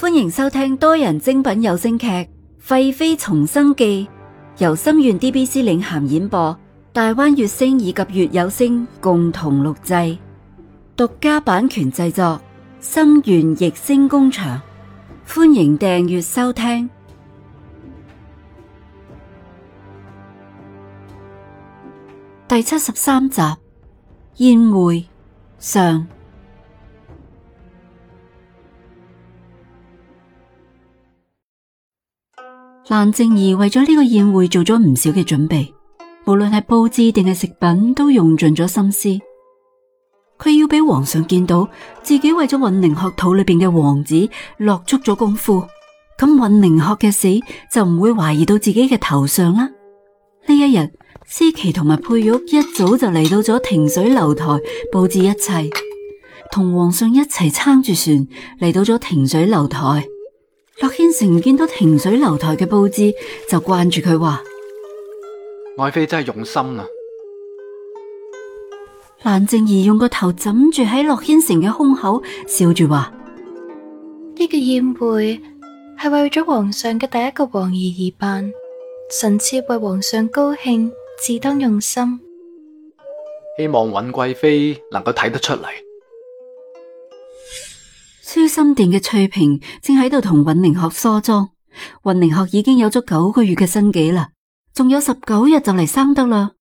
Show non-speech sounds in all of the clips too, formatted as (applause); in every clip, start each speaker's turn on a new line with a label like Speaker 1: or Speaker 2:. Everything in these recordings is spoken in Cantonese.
Speaker 1: 歡迎收聽多人精品有聲劇《廢妃重生記》，由心願 D B C 領銜演播，大灣月聲以及月有聲共同錄製，獨家版權製作，心願逸聲工場。歡迎訂閱收聽第七十三集宴會上。蘭靜兒為咗呢個宴會做咗唔少嘅準備，無論係布置定係食品，都用盡咗心思。佢要俾皇上見到自己為咗允寧學肚裏邊嘅皇子落足咗功夫，咁允寧學嘅死就唔會懷疑到自己嘅頭上啦。呢一日，思琪同埋佩玉一早就嚟到咗停水樓台布置一切，同皇上一齊撐住船嚟到咗停水樓台。洛軒成見到停水樓台嘅布置，就慣住佢話：愛妃真係用心啊。蘭靜儀用個頭枕住喺洛軒成嘅胸口，笑住話：呢個宴會係為咗皇上嘅第一個皇兒而辦，臣妾為皇上高興，自當用心。希望尹貴妃能夠睇得出嚟。舒心殿嘅翠萍正喺度同允寧學梳妝，允寧學已經有咗九個月嘅身紀啦，仲有十九日就嚟生得啦。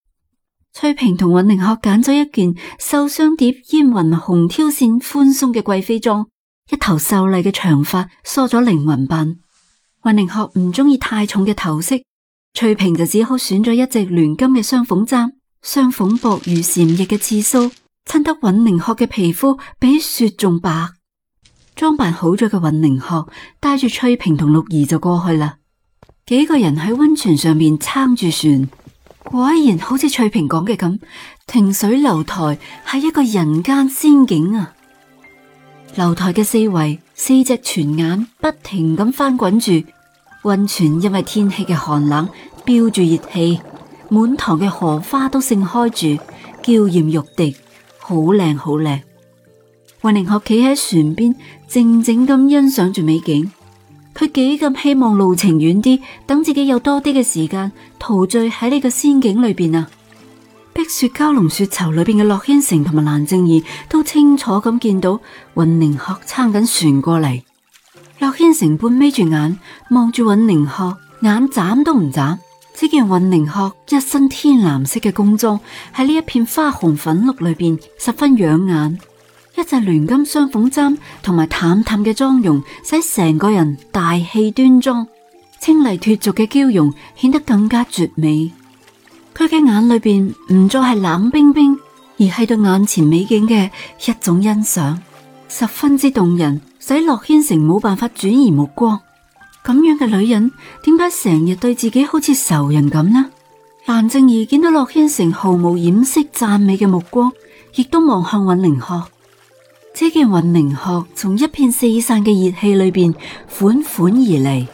Speaker 1: 翠萍同允寧學揀咗一件繡雙蝶煙雲紅挑線寬鬆嘅貴妃裝，一頭秀麗嘅長髮梳咗凌雲鬢。允寧學唔中意太重嘅頭飾，翠萍就只好選咗一隻聯金嘅雙鳳簪，雙鳳薄如蟬翼嘅刺繡襯得允寧學嘅皮膚比雪仲白。裝扮好咗嘅允凝珂帶住翠平同六兒就過去啦。幾個人喺溫泉上面撐住船，果然好似翠平講嘅咁，停水樓台係一個人間仙境啊！樓台嘅四圍四隻泉眼不停咁翻滾住，溫泉因為天氣嘅寒冷飆住熱氣，滿塘嘅荷花都盛開住，嬌豔欲滴，好靚好靚。尹寧鶴企喺船邊，靜靜咁欣賞住美景。佢幾咁希望路程遠啲，等自己有多啲嘅時間陶醉喺呢個仙境裏邊啊！碧雪蛟龍雪巢裏邊嘅洛軒城同埋蘭靜兒都清楚咁見到尹寧鶴撐緊船過嚟。洛軒城半眯住眼望住尹寧鶴，眼眨都唔眨。只見尹寧鶴一身天藍色嘅宮裝喺呢一片花紅粉綠裏邊十分養眼。一隻聯金雙鳳簪同埋淡淡嘅妝容，使成個人大氣端莊、清麗脫俗嘅嬌容顯得更加絕美。佢嘅眼裏邊唔再係冷冰冰，而係對眼前美景嘅一種欣賞，十分之動人，使洛軒成冇辦法轉移目光。咁樣嘅女人，點解成日對自己好似仇人咁呢？蘭靜兒見到洛軒成毫無掩飾讚美嘅目光，亦都望向尹寧鶴。這件雲凝鶴從一片四散嘅熱氣裏邊款款而嚟，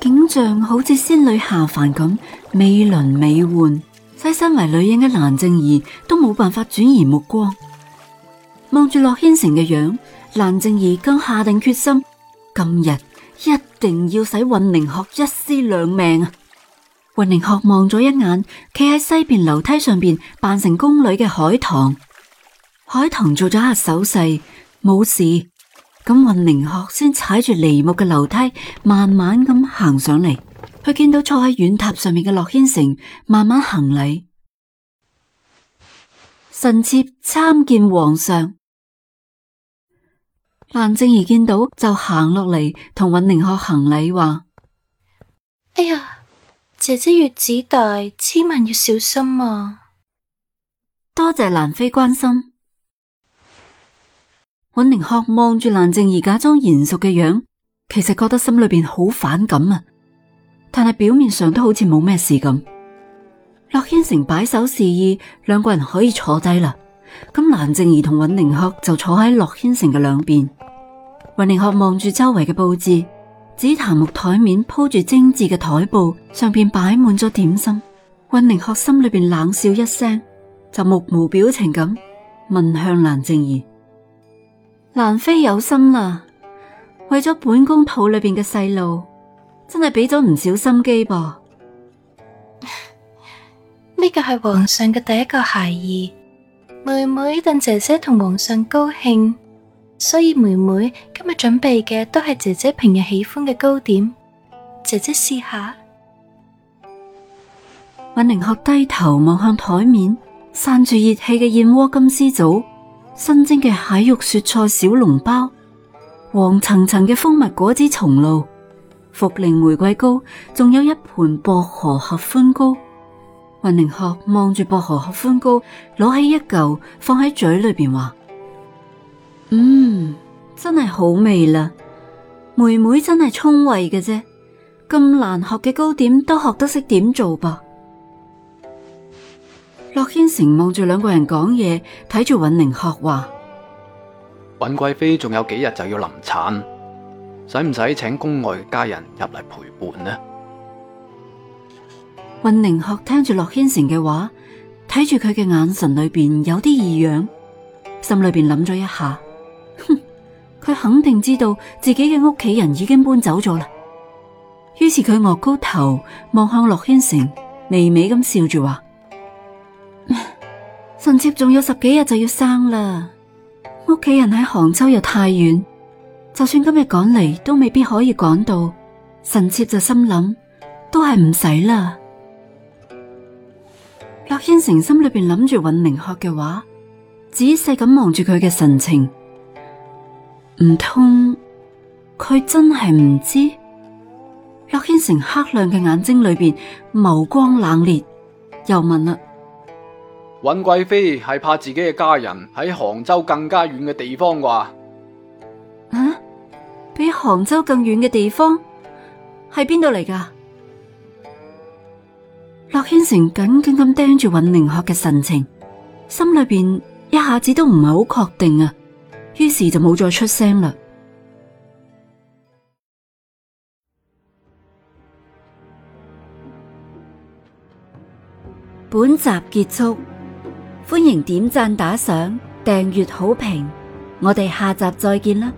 Speaker 1: 景象好似仙女下凡咁，美輪美奐。使身為女人嘅蘭靜兒都冇辦法轉移目光，望住洛軒城嘅樣，蘭靜兒更下定決心，今日一定要使雲凝鶴一屍兩命。雲凝鶴望咗一眼，企喺西邊樓梯上邊扮成宮女嘅海棠，海棠做咗下手勢。冇事，咁尹寧學先踩住梨木嘅樓梯，慢慢咁行上嚟。佢見到坐喺軟榻上面嘅洛軒城，慢慢行禮。臣妾參見皇上。蘭靜兒見到就行落嚟，同尹寧學行禮話：哎呀，姐姐月子大，千萬要小心啊！多謝蘭妃關心。尹寧鶴望住蘭靜兒假裝嚴肅嘅樣，其實覺得心裏邊好反感啊，但係表面上都好似冇咩事咁。駱軒城擺手示意兩個人可以坐低啦，咁蘭靜兒同尹寧鶴就坐喺駱軒城嘅兩邊。尹寧鶴望住周圍嘅布置，紫檀木台面鋪住精致嘅台布，上邊擺滿咗點心。尹寧鶴心裏邊冷笑一聲，就目無表情咁問向蘭靜兒。蘭妃有心啦，為咗本宮肚裏邊嘅細路，真係俾咗唔少心機噃。呢個係皇上嘅第一個孩兒，妹妹戥姐姐同皇上高興，所以妹妹今日準備嘅都係姐姐平日喜歡嘅糕點，姐姐試下。允寧學低頭望向台面，散住熱氣嘅燕窩金絲棗。新蒸嘅蟹肉雪菜小籠包，黃澄澄嘅蜂蜜果子松露，茯苓玫瑰糕，仲有一盤薄荷合歡糕。雲寧鶴望住薄荷合歡糕，攞起一嚿放喺嘴裏邊話：嗯、mm，真係好味啦！妹妹真係聰慧嘅啫，咁難學嘅糕點都學得識點做吧。洛軒城望住兩個人講嘢，睇住尹寧學話。尹貴妃仲有幾日就要臨產，使唔使請宮外嘅家人入嚟陪伴呢？尹寧學聽住洛軒城嘅話，睇住佢嘅眼神裏邊有啲異樣，心裏邊諗咗一下，哼，佢肯定知道自己嘅屋企人已經搬走咗啦。於是佢昂高頭望向洛軒城，微微咁笑住話。臣妾仲有十幾日就要生啦，屋企人喺杭州又太遠，就算今日趕嚟都未必可以趕到。臣妾就心諗，都係唔使啦。洛軒成心裏邊諗住揾明學嘅話，仔細咁望住佢嘅神情，唔通佢真係唔知？洛軒成黑亮嘅眼睛裏邊眸光冷冽，又問啦。尹貴妃係怕自己嘅家人喺杭州更加遠嘅地方啩，啊？啊，比杭州更遠嘅地方係邊度嚟噶？洛軒成緊緊咁盯住尹寧學嘅神情，心裏邊一下子都唔係好確定啊，於是就冇再出聲啦。 (noise) 本集結束。歡迎點讚、打賞、訂閱、好評，我哋下集再見啦！